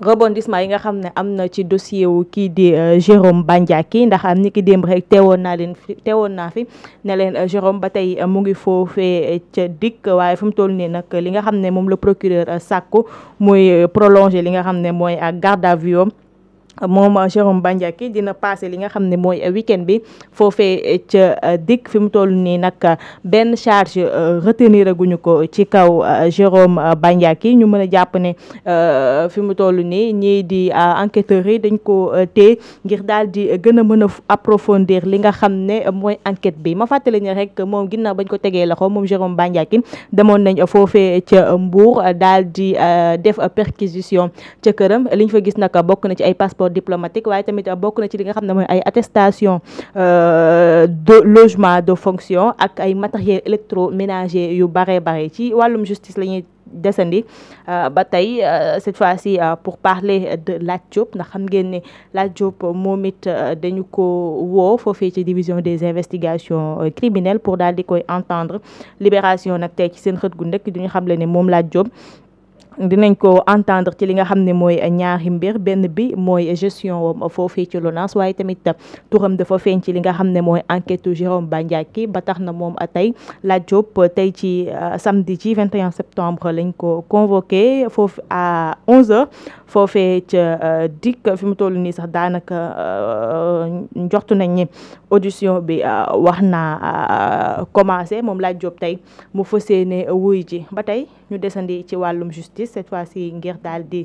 rebondissement yi nga xam ne am na ci dossier wu kii di euh, Jérôme Bandiaky ndax am ni ki démb rek teewoon naa leen fi teewoon naa fi ne leen euh, Jérôme ba tey euh, mu ngi foofee ca dikk waaye fu mu toll nii nag li nga xam ne moom la procureur sàkku muy prolonger li nga xam ne mooy ak garde à vue moom Jérôme Bandiaky dina passé li nga xam ne mooy week-end bi foofee ca euh, dikk fi mu toll nii nag benn charge euh, retenir aguñu ko ci kaw euh, Jérôme Bandiaky ñu mën a jàpp ne fi mu toll nii ñii di enquêteurs yi dañ ko téye ngir daal di gën a mën a approfondir li nga xam ne mooy enquête bi ma fàttali ne rek moom ginnaaw bañ ko tegee la loxo moom Jérôme Bandiaky demoon nañ foofe ca Mbour daal di def perquisition ca liñ fa gis nag bokk na ci ay passeport passeport diplomatique waaye tamit euh, bokk na ci li nga xam moy ay attestation euh, de logement de fonction ak ay matériel électroménager yu baré baré ci walum justice la ñuy desandi euh, ba tey cette fois-ci pour parler de la Diop na xam ngeen ne la Diop momit dañu ko wo fofé ci division des investigations criminelles pour dal di koy entendre libération nak tay ci seen xët gu ndëkk di xam le ne moom la Diop dinañ ko entendre ci li nga xam ne mooy ñaari mbir benn bi mooy gestion foofii ci LONASE waaye tamit turam dafa feeñ ci li nga xam ne mooy enquête Jérôme Bandiaky ba tax na moom tey Lat Diop tey ci euh, samedi ci 21 septembre lañ ko convoqué foofu à 11h foofee ca euh, dikk fi mu toll nii sax daanaka euh, njortu nañ audition bi wax naa commencé moom Lat Diop tey mu fas yéene wuy ji ba tey ñu desandi ci Walum justice cette fois-ci ngir d'aldi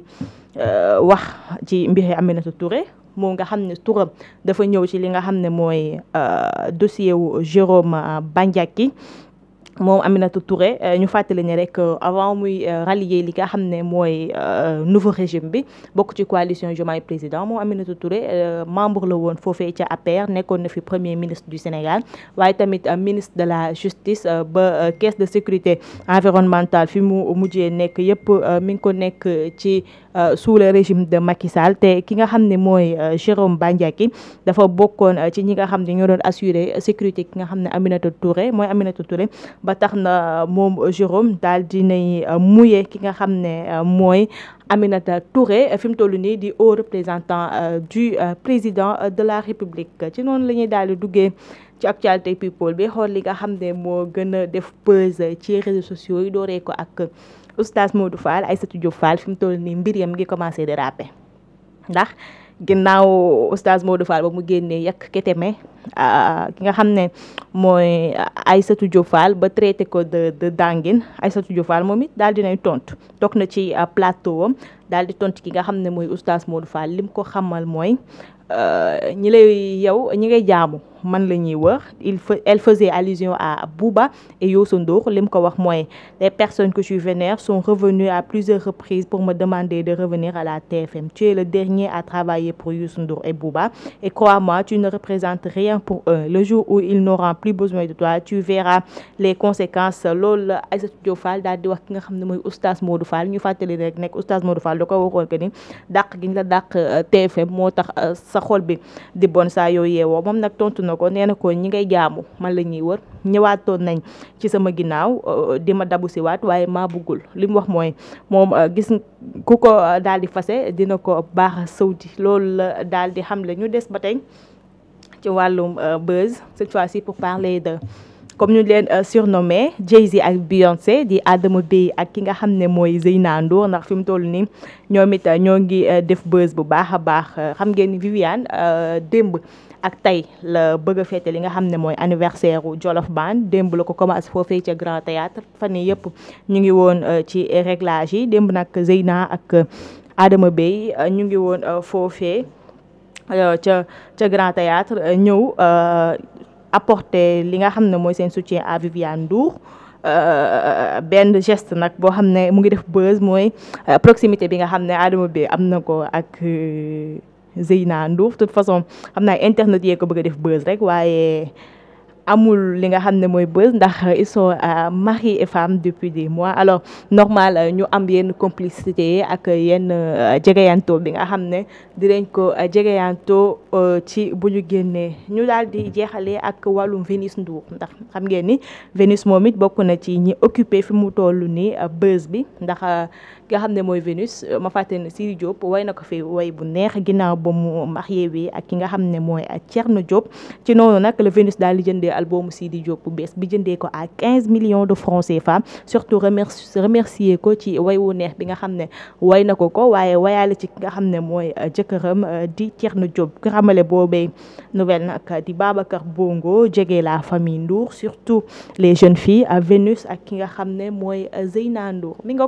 wah euh, wax ci mbiri Aminata Touré moom nga xam ne turam dafa ñëw ci li nga xam ne mooy euh, dossier wu Jérôme Bandiaki moom Aminata Touré euh, ñu fàttali ne rek euh, avant muy euh, rallier li nga xam ne mooy nouveau régime bi bokk ci coalition Diomaye président moom Aminata Touré membre la woon foofee ca APR nekkoon na fi premier ministre du Sénégal waaye tamit ministre de la justice ba caisse de sécurité environnementale fi mu mujjee nekk yépp mi ngi ko nekk ci euh, sous le régime de Macky Sall té ki nga xamné moy euh, Jérôme Bandiaki dafa bokkoon euh, ci ñi nga xamné ne ñoo doon assurer sécurité ki nga xamné Aminata Touré moy Aminata Touré ba tax na moom Jérôme daal dinay mouyé ki nga xamné moy Aminata Touré fi tollu ni di haut représentant du président de la République ci non lañuy ñuy duggé ci actualité people bi xool li nga xamné mo gëna def buzz ci réseaux sociaux yi dooree ko ak oustaz Modou Fall ay Diop Fall fi mu toll nii mbir yam ngi commencé déraper ndax ginnaaw oustaz Modou Fall ba mu génnee yàq keteme ah, ki nga xam ne mooy ay Diop Fall ba traité ko de de dangin ay Diop Fall moom it daal dinay tontu toog na ci ah, plateau am daal di tont ki nga xam ne mooy oustaz Modou Fall lim ko xamal mooy Euh, il elle faisait allusion à Bouba et Youssou Ndour les personnes que je vénère sont revenues à plusieurs reprises pour me demander de revenir à la TFM tu es le dernier à travailler pour Youssou Ndour et Bouba. et crois-moi tu ne représentes rien pour eux le jour où ils n'auront plus besoin de toi tu verras les conséquences Lol, Studio sa xol bi di bon sa yo yewo mom nak tontu nako ko ko ñi ngay jaamu man la ñuy wër ñëwaatoon nañ ci sama ginaaw euh, di ma dabu si waat waaye maa buggul li wax moy mom euh, gis kuko euh, daldi fasé dina ko baax sawti loolu daldi xam le ñu dess batay ci walum buzz cette fois-ci pour parler de comme ñu leen euh, surnommé Jay-Z ak Beyoncé di Adama Bey ak ki nga xam ne mooy Zeyna Ndour ndax fi mu toll nii ñoom it euh, ñoo ngi euh, def buzz bu baax a baax xam ngeen ni Viviane démb ak tey la bëgg a fête li nga xam ne mooy anniversaire u Jolof Band démb la ko commencé foofee ca Grand Théâtre fan yii yëpp ñu ngi woon ci réglage yi démb nag Zeyna ak Adama Bey ñu ngi woon foofee ca ca Grand Théâtre ñëw. apporter li nga xam ne mooy seen soutien à Viviane Ndour euh, benn geste nag boo xam ne mu ngi def buzz mooy euh, proximité bi nga xam ne Adama bi am na ko ak euh, Zeyna Ndour de toute façon xam naa internet yee ko bëgg a def buzz rek waaye amul li nga xam moy mooy ndax ils sont euh, mari et femme depuis des mois alors normal euh, ñu am yenn complicité ak yenn euh, jegeyanto bi nga xam di dinañ ko jegeyanto ci buñu génné ñu daldi jéxalé ak walum venus Ndour ndax xam ngeen ni venus momit it na ci ñi occupé fi mu tollu ni bës bi ndax nga xam moy venus ma faté ni siri Diop way na fi way bu neex ginnaaw ba mu marié wi ak ki nga xam moy mooy Thierno Diop ci nonu nak le venus daal di jëndee album Sidi Diop bu bees bi jëndé ko à 15 millions de francs CFA surtout remercier ko ci wayu neex bi nga xamné ne way na ko ko waaye wayaale ci nga xamné moy mooy euh, euh, di Thierno Diop ku ramale nouvelle nag di Babacar Bongo djégé la famille Ndour surtout les jeunes filles à euh, Vénus ak ki nga xamné moy mooy Ndour mi nga